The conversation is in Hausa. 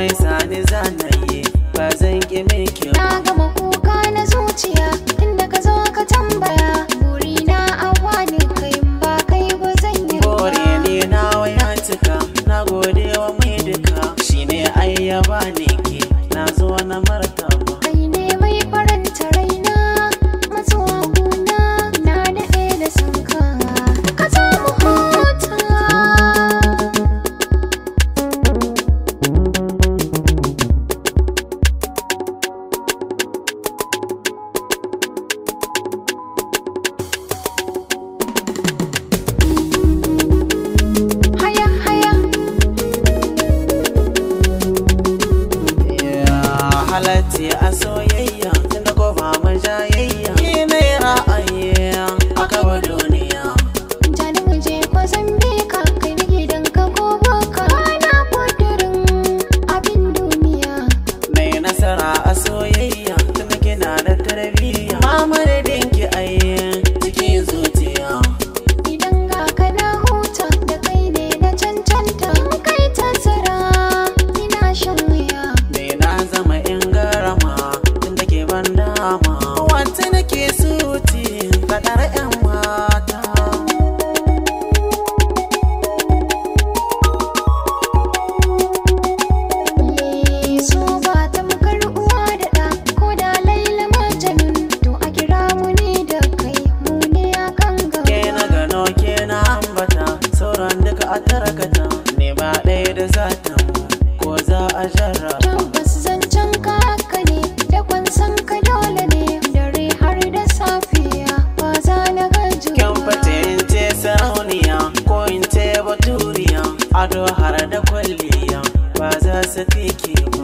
mai sani zanaye ba zan ƙi miki na gama kuka na zuciya inda ka zo ka tambaya buri na awa ne kai ba kai ba zan yi ba bore ne na waya na gode wa mai duka shine ai ya bani soyayya tun da kofa mun jaye har da kwalliya ba za su fi ba